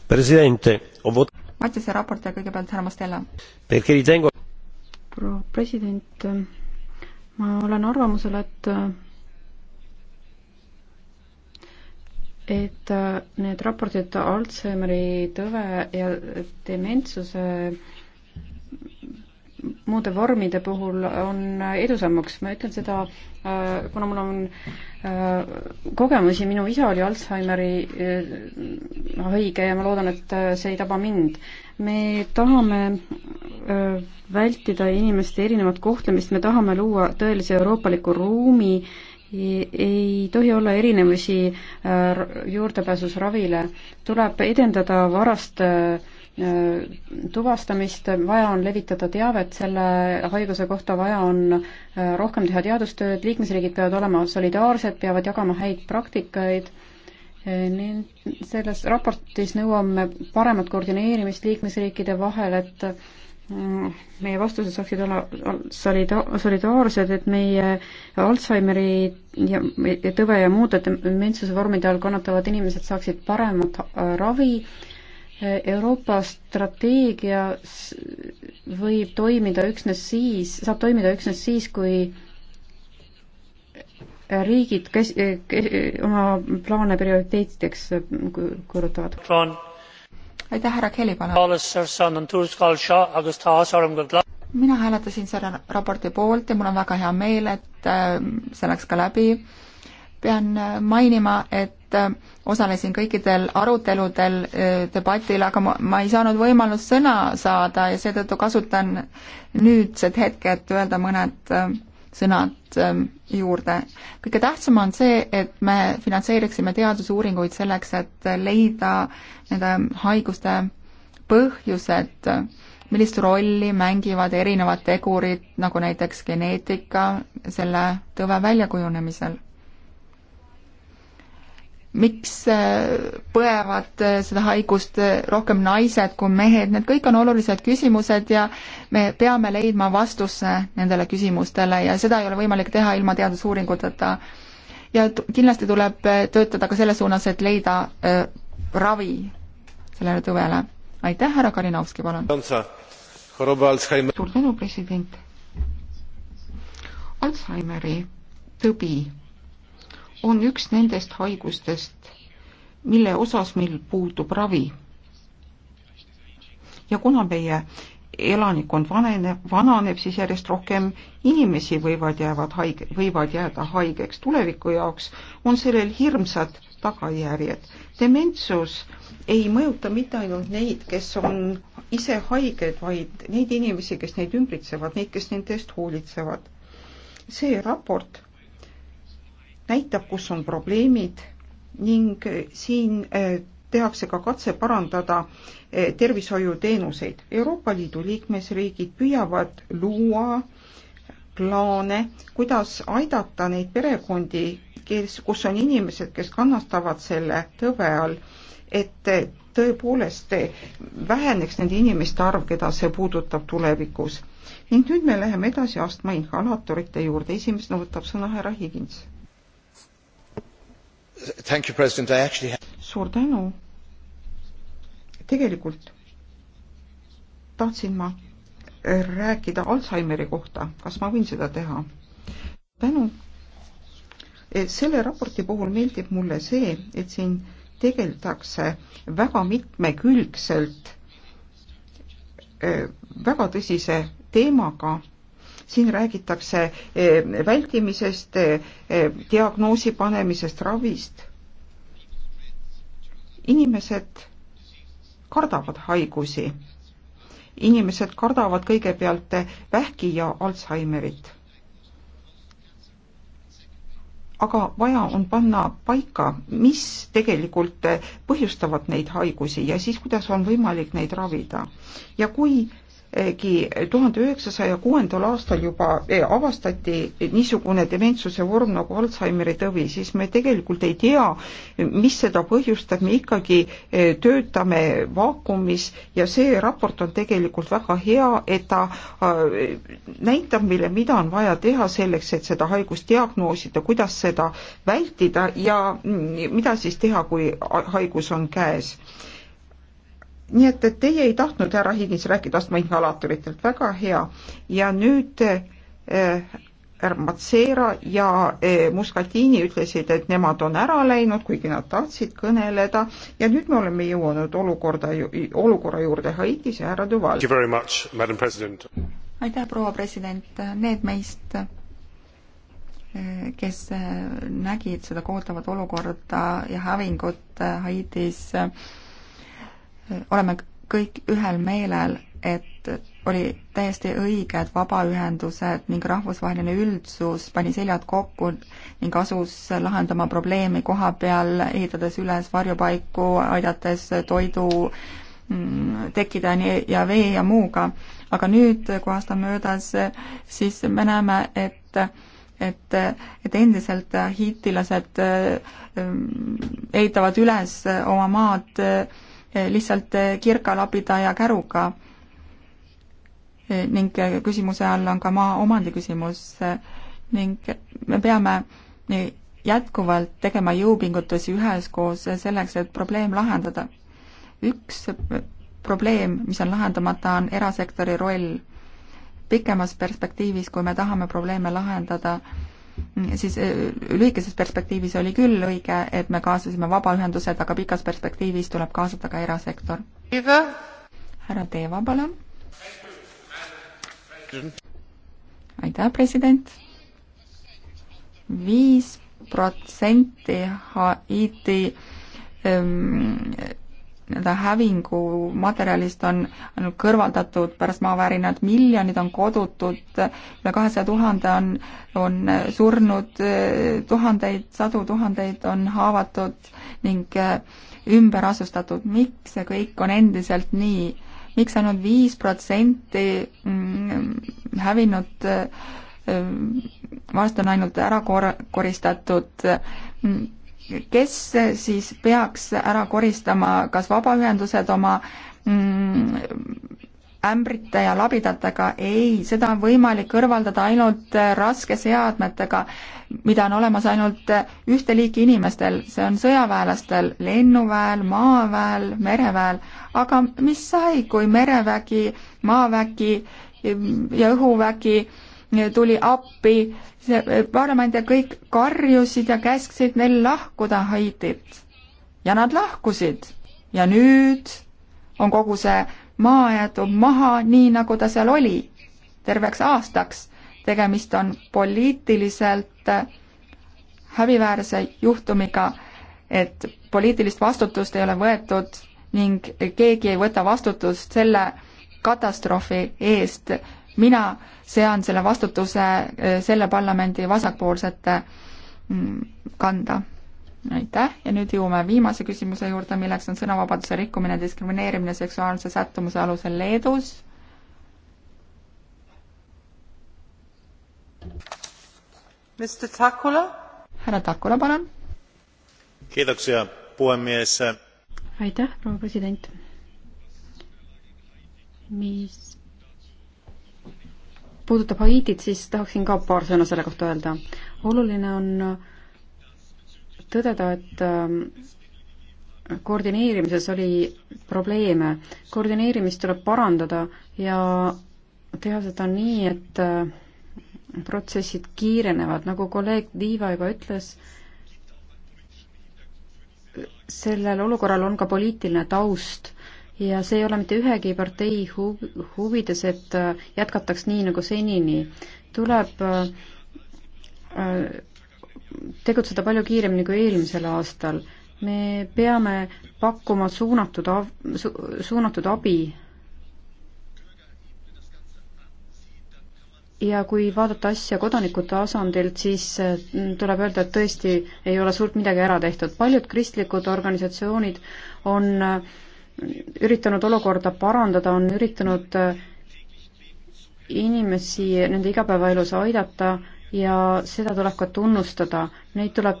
presidente, vot-. Mattiase raport ja kõigepealt härra Mastella. proua president, ma olen arvamusel, et et need raportid Alžeimeri tõve ja dementsuse muude vormide puhul on edusammuks, ma ütlen seda, äh, kuna mul on Äh, kogemusi, minu isa oli Alžeimeri äh, haige ja ma loodan, et äh, see ei taba mind. me tahame vältida inimeste erinevat kohtlemist, me tahame luua tõelise euroopaliku ruumi, ei tohi olla erinevusi juurdepääsus ravile, tuleb edendada varast äh, Äh, tuvastamist, vaja on levitada teavet selle haiguse kohta, vaja on äh, rohkem teha teadustööd, liikmesriigid peavad olema solidaarsed, peavad jagama häid praktikaid, äh, nii selles raportis nõuame paremat koordineerimist liikmesriikide vahel, et meie vastused saaksid olla solida-, solidaarsed, et meie Alžeimeri ja tõve ja muude dementsuse vormide all kannatavad inimesed saaksid paremat ravi, Euroopa strateegia võib toimida üksnes siis, saab toimida üksnes siis, kui riigid kes-, kes, oma plaane prioriteetideks kuulutavad. aitäh, härra Kelly, palun! mina hääletasin selle raporti poolt ja mul on väga hea meel, et äh, see läks ka läbi pean äh, mainima, et äh, osalesin kõikidel aruteludel, äh, debatil, aga ma, ma ei saanud võimalust sõna saada ja seetõttu kasutan nüüdset hetke, et öelda mõned sõnad juurde. kõige tähtsam on see, et me finantseeriksime teadusuuringuid selleks, et leida nende haiguste põhjused, millist rolli mängivad erinevad tegurid, nagu näiteks geneetika, selle tõve väljakujunemisel miks äh, põevad äh, seda haigust äh, rohkem naised kui mehed, need kõik on olulised küsimused ja me peame leidma vastuse nendele küsimustele ja seda ei ole võimalik teha ilma teadusuuringuteta. ja kindlasti tuleb töötada ka selles suunas, et leida äh, ravi sellele tõvele. aitäh, härra Kalinovski, palun! suur tänu, president! Alzheimeri tõbi on üks nendest haigustest, mille osas meil puudub ravi. ja kuna meie elanikkond vaneneb, vananeb, siis järjest rohkem inimesi võivad jäävad haige, võivad jääda haigeks. tuleviku jaoks on sellel hirmsad tagajärjed. dementsus ei mõjuta mitte ainult neid, kes on ise haiged, vaid neid inimesi, kes neid ümbritsevad, neid, kes nende eest hoolitsevad. see raport näitab, kus on probleemid ning eh, siin eh, tehakse ka katse parandada eh, tervishoiuteenuseid. Euroopa Liidu liikmesriigid püüavad luua plaane, kuidas aidata neid perekondi, kes, kus on inimesed, kes kannatavad selle tõve all, et tõepoolest väheneks nende inimeste arv, keda see puudutab tulevikus. ning nüüd me läheme edasi astma inhalaatorite juurde, esimesena võtab sõna härra Higins Actually... suur tänu. tegelikult tahtsin ma rääkida Alžeimeri kohta, kas ma võin seda teha? tänu. E, selle raporti puhul meeldib mulle see, et siin tegeldakse väga mitmekülgselt e, väga tõsise teemaga siin räägitakse e, vältimisest, e, e, diagnoosi panemisest, ravist. inimesed kardavad haigusi. inimesed kardavad kõigepealt vähki ja Alžeimerit. aga vaja on panna paika, mis tegelikult põhjustavad neid haigusi ja siis, kuidas on võimalik neid ravida. ja kui tuhande üheksasaja kuuendal aastal juba eh, avastati niisugune dementsuse vorm nagu Alžeimeri tõvi, siis me tegelikult ei tea, mis seda põhjustab, me ikkagi eh, töötame vaakumis ja see raport on tegelikult väga hea, et ta eh, näitab meile, mida on vaja teha selleks, et seda haigust diagnoosida, kuidas seda vältida ja mm, mida siis teha, kui haigus on käes nii et, et teie ei tahtnud, härra Higins, rääkida astmainhalaatoritelt, väga hea. ja nüüd eh, äh, Matseera ja eh, Muscatini ütlesid, et nemad on ära läinud, kuigi nad tahtsid kõneleda ja nüüd me oleme jõudnud olukorda, olukorra juurde Haitis ja härra Duval. aitäh, proua president, need meist, eh, kes nägid seda kohutavat olukorda ja hävingut Haitis äh, oleme kõik ühel meelel, et oli täiesti õige, et vabaühendused ning rahvusvaheline üldsus pani seljad kokku ning asus lahendama probleemi koha peal, ehitades üles varjupaiku, aidates toidu mm, tekkida nii ja vee ja muuga. aga nüüd, kui aasta on möödas, siis me näeme, et et, et endiselt hiitilased mm, ehitavad üles oma maad äh, Eh, lihtsalt eh, kirga labida ja käruga. Eh, ning küsimuse all on ka maa omandi küsimus ning me peame jätkuvalt tegema jõupingutusi üheskoos selleks, et probleem lahendada. üks probleem, mis on lahendamata, on erasektori roll. pikemas perspektiivis, kui me tahame probleeme lahendada, siis äh, lühikeses perspektiivis oli küll õige, et me kaasasime vabaühendused, aga pikas perspektiivis tuleb kaasata ka erasektor. härra Teeva, palun. aitäh, president. viis protsenti Haiti ähm, nii-öelda hävingu materjalist on ainult kõrvaldatud pärast maavärinat, miljonid on kodutud, üle kahesaja tuhande on, on surnud, tuhandeid, sadu tuhandeid on haavatud ning eh, ümber asustatud. miks see kõik on endiselt nii? miks ainult viis protsenti mm, hävinud eh, eh, varsti on ainult ära kor-, koristatud mm, kes siis peaks ära koristama kas vabaühendused oma mm, ämbrite ja labidatega, ei, seda on võimalik kõrvaldada ainult raskeseadmetega, mida on olemas ainult ühte liiki inimestel, see on sõjaväelastel, lennuväel, maaväel, mereväel, aga mis sai, kui merevägi, maavägi ja õhuvägi tuli appi parlamendi ja kõik karjusid ja käsksid neil lahkuda Haitit. ja nad lahkusid. ja nüüd on kogu see maa jäetud maha, nii nagu ta seal oli, terveks aastaks. tegemist on poliitiliselt häbiväärse juhtumiga, et poliitilist vastutust ei ole võetud ning keegi ei võta vastutust selle katastroofi eest, mina sean selle vastutuse eh, selle parlamendi vasakpoolsete mm, kanda. aitäh ja nüüd jõuame viimase küsimuse juurde, milleks on sõnavabaduse rikkumine, diskrimineerimine seksuaalse sättumuse alusel Leedus. härra Takula, palun. aitäh, proua president. mis puudutab Haitit, siis tahaksin ka paar sõna selle kohta öelda. oluline on tõdeda, et ähm, koordineerimises oli probleeme. koordineerimist tuleb parandada ja teha seda nii, et äh, protsessid kiirenevad, nagu kolleeg Diiva juba ütles, sellel olukorral on ka poliitiline taust ja see ei ole mitte ühegi partei huvides, et äh, jätkataks nii nagu senini. tuleb äh, äh, tegutseda palju kiiremini kui eelmisel aastal. me peame pakkuma suunatud av-, su-, suunatud abi. ja kui vaadata asja kodaniku tasandilt, siis tuleb öelda, et tõesti ei ole suurt midagi ära tehtud. paljud kristlikud organisatsioonid on äh, üritanud olukorda parandada, on üritanud äh, inimesi nende igapäevaelus aidata ja seda tuleb ka tunnustada. Neid tuleb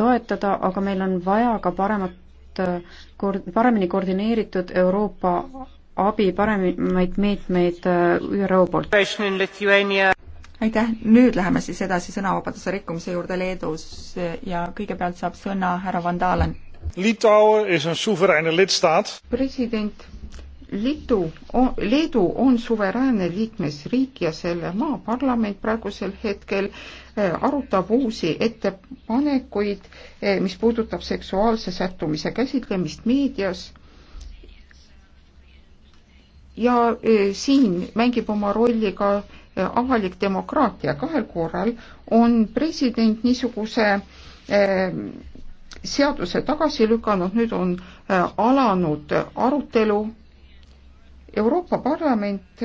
toetada, aga meil on vaja ka paremat, äh, paremini koordineeritud Euroopa abi, paremaid meetmeid äh, ÜRO poolt. aitäh, nüüd läheme siis edasi sõnavabaduse rikkumise juurde Leedus ja kõigepealt saab sõna härra Van Dalen Litouwen is een soevereine lidstaat. president, Liidu, Leedu on suveräänne liikmesriik ja selle maa parlament praegusel hetkel eh, arutab uusi ettepanekuid, eh, mis puudutab seksuaalse sättumise käsitlemist meedias. ja eh, siin mängib oma rolli ka avalik demokraatia, kahel korral on president niisuguse seaduse tagasi lükanud, nüüd on äh, alanud arutelu. Euroopa Parlament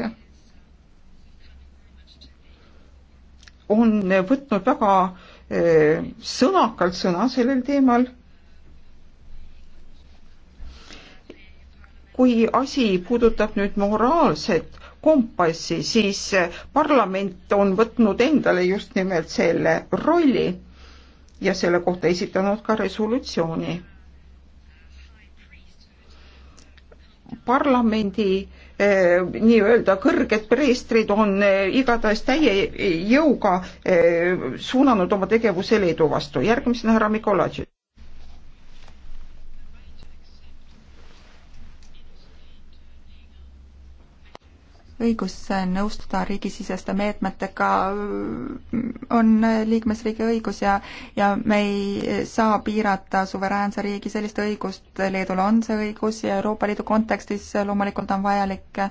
on võtnud väga äh, sõnakalt sõna sellel teemal. kui asi puudutab nüüd moraalset kompassi, siis äh, parlament on võtnud endale just nimelt selle rolli ja selle kohta esitanud ka resolutsiooni. parlamendi eh, nii-öelda kõrged preestrid on eh, igatahes täie jõuga eh, suunanud oma tegevuse Leedu vastu. järgmisena härra Mikolajtšik. õigus nõustuda riigisiseste meetmetega mm, on liikmesriigi õigus ja, ja me ei saa piirata suveräänse riigi sellist õigust, Leedul on see õigus ja Euroopa Liidu kontekstis loomulikult on vajalik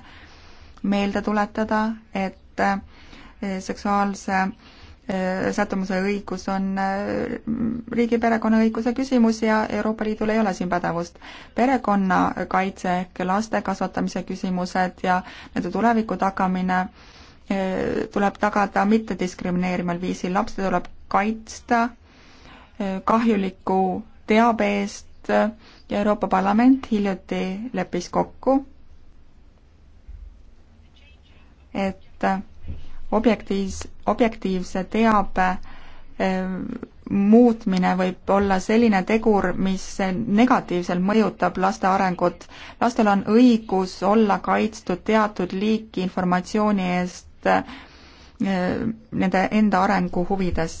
meelde tuletada, et eh, seksuaalse sättumuse õigus on äh, riigi perekonnaõiguse küsimus ja Euroopa Liidul ei ole siin pädevust. perekonnakaitse ehk laste kasvatamise küsimused ja nende tuleviku tagamine äh, tuleb tagada mittediskrimineerival viisil, lapsi tuleb kaitsta äh, kahjuliku teabe eest ja Euroopa Parlament hiljuti leppis kokku, et objektiivs, objektiivse teabe ähm, muutmine võib olla selline tegur, mis negatiivselt mõjutab laste arengut. lastel on õigus olla kaitstud teatud liiki informatsiooni eest äh, nende enda arengu huvides.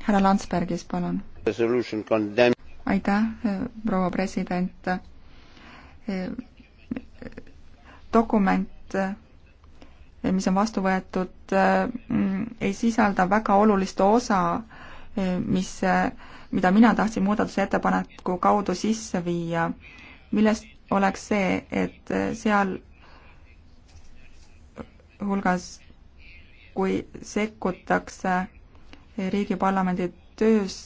härra Landsbergis, palun. aitäh, proua president äh, dokument, eh, mis on vastu võetud, eh, mm, ei sisalda väga olulist osa, eh, mis, mida mina tahtsin muudatusettepaneku kaudu sisse viia, millest oleks see, et seal hulgas, kui sekkutakse riigi parlamendi töös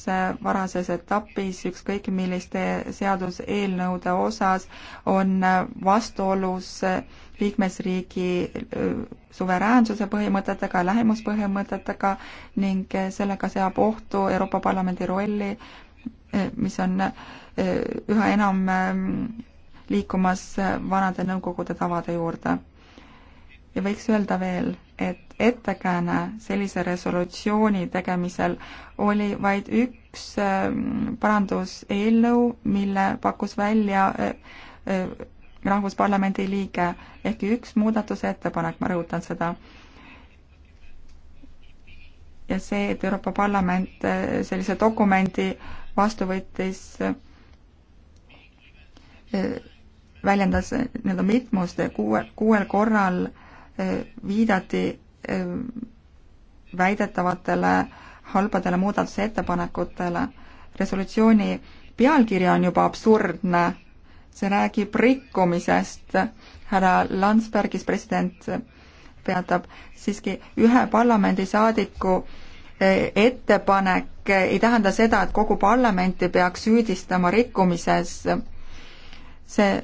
varases etapis ükskõik milliste seaduseelnõude osas on vastuolus liikmesriigi suveräänsuse põhimõtetega, lähimuspõhimõtetega ning sellega seab ohtu Euroopa Parlamendi rolli, mis on üha enam liikumas vanade nõukogude tavade juurde. ja võiks öelda veel et ettekääne sellise resolutsiooni tegemisel oli vaid üks ähm, paranduseelnõu, mille pakkus välja äh, äh, Rahvusparlamendi liige, ehkki üks muudatusettepanek, ma rõhutan seda. ja see, et Euroopa Parlament äh, sellise dokumendi vastu võttis, väljendas nii-öelda mitmust kuuel, kuuel korral äh, viidati eh, väidetavatele halbadele muudatusettepanekutele. resolutsiooni pealkiri on juba absurdne, see räägib rikkumisest. härra Landsbergis, president, peatab siiski ühe parlamendisaadiku eh, ettepanek ei tähenda seda, et kogu parlamenti peaks süüdistama rikkumises. see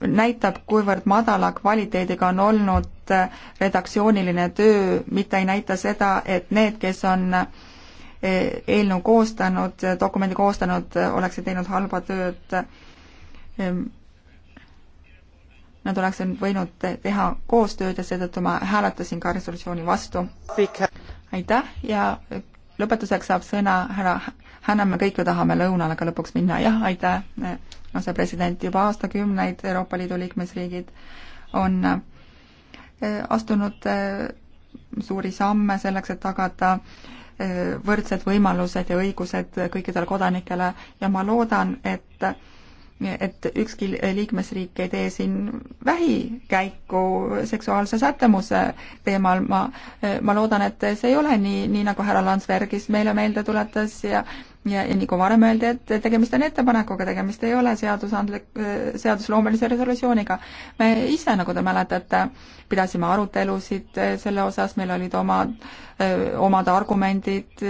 näitab, kuivõrd madala kvaliteediga on olnud redaktsiooniline töö, mitte ei näita seda, et need, kes on eh, eelnõu koostanud, dokumendi koostanud, oleksid teinud halba tööd. Ehm, nad oleksid võinud teha koostööd ja seetõttu ma hääletasin ka resolutsiooni vastu. aitäh ja lõpetuseks saab sõna härra Hanna, me kõik ju tahame lõunale ka lõpuks minna, jah, aitäh, asepresident, juba aastakümneid Euroopa Liidu liikmesriigid on eh, astunud eh, suuri samme selleks, et tagada eh, võrdsed võimalused ja õigused kõikidele kodanikele ja ma loodan, et et ükski liikmesriik ei tee siin vähikäiku seksuaalse sättumuse teemal, ma, ma loodan, et see ei ole nii, nii nagu härra Landsbergis meile meelde tuletas ja ja, ja nagu varem öeldi, et tegemist on ettepanekuga, tegemist ei ole seadusandlik, seadusloomelise resolutsiooniga. me ise, nagu te mäletate, pidasime arutelusid selle osas, meil olid omad, omad argumendid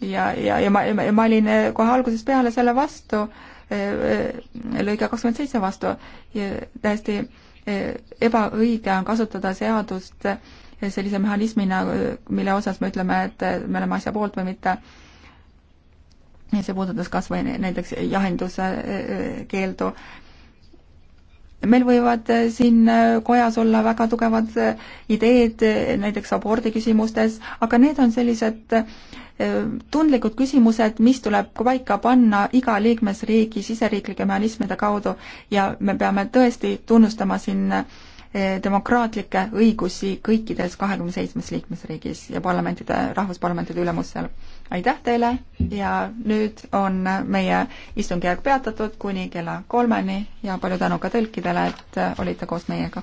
ja, ja, ja ma, ma olin kohe algusest peale selle vastu Äh, äh, lõige kakskümmend seitse vastu ja täiesti äh, ebaõige on kasutada seadust sellise mehhanismina, nagu, mille osas me ütleme, et me oleme asja poolt või mitte. see puudutas kas või näiteks jahinduse keeldu. meil võivad siin kojas olla väga tugevad ideed näiteks abordi küsimustes, aga need on sellised äh, Äh, tundlikud küsimused, mis tuleb paika panna iga liikmesriigi siseriiklike mehhanismide kaudu ja me peame tõesti tunnustama siin äh, demokraatlikke õigusi kõikides kahekümne seitsmes liikmesriigis ja parlamentide, rahvusparlamentide ülemusel. aitäh teile ja nüüd on meie istungjärk peatatud kuni kella kolmeni ja palju tänu ka tõlkidele, et äh, olite koos meiega